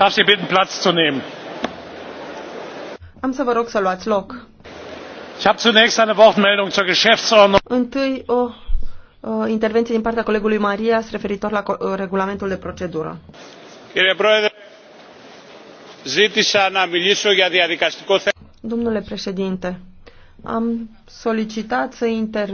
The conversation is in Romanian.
Darf Sie bitten, Platz zu nehmen. Am să vă rog să luați loc. Ich habe zunächst eine Wortmeldung zur Geschäftsordnung. Întâi o uh, intervenție din partea colegului Marias referitor la uh, regulamentul de procedură. Domnule președinte, am solicitat să intervin